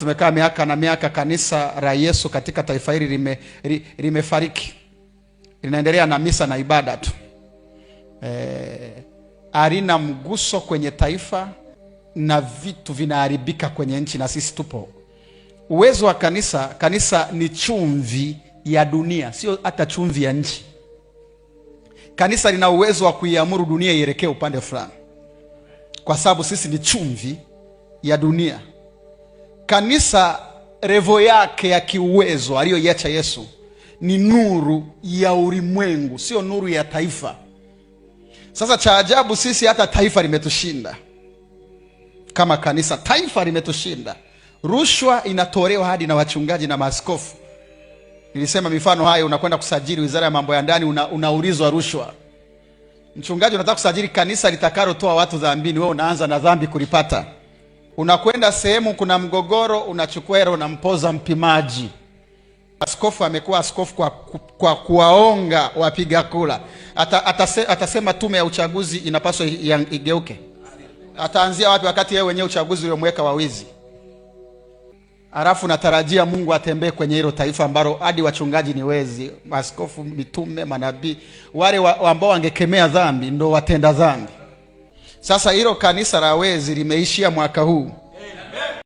Tumekaa miaka na miaka, kanisa la Yesu katika taifa hili lime, limefariki linaendelea na misa na ibada tu e, alina mguso kwenye taifa na vitu vinaharibika kwenye nchi, na sisi tupo. Uwezo wa kanisa, kanisa ni chumvi ya dunia, sio hata chumvi ya nchi. Kanisa lina uwezo wa kuiamuru dunia ielekee upande fulani, kwa sababu sisi ni chumvi ya dunia. Kanisa revo yake ya kiuwezo aliyoiacha Yesu ni nuru ya ulimwengu, sio nuru ya taifa. Sasa cha ajabu, sisi hata taifa limetushinda kama kanisa, taifa limetushinda. Rushwa inatolewa hadi na wachungaji na maaskofu. Nilisema mifano hayo, unakwenda kusajili wizara ya mambo ya ndani, una, unaulizwa rushwa. Mchungaji, unataka kusajili kanisa litakalotoa watu dhambini, wewe unaanza na dhambi kulipata Unakwenda sehemu kuna mgogoro, unachukua hela unampoza mpimaji. Askofu amekuwa askofu kwa, kwa kuwaonga wapiga kura. Ata, atase, atasema tume ya uchaguzi inapaswa igeuke. Ataanzia wapi wakati yeye wenyewe uchaguzi uliomweka wawizi? Halafu natarajia Mungu atembee kwenye hilo taifa ambalo hadi wachungaji ni wezi, maaskofu, mitume, manabii, wale wa, ambao wangekemea dhambi ndo watenda dhambi. Sasa hilo kanisa la Wezi limeishia mwaka huu.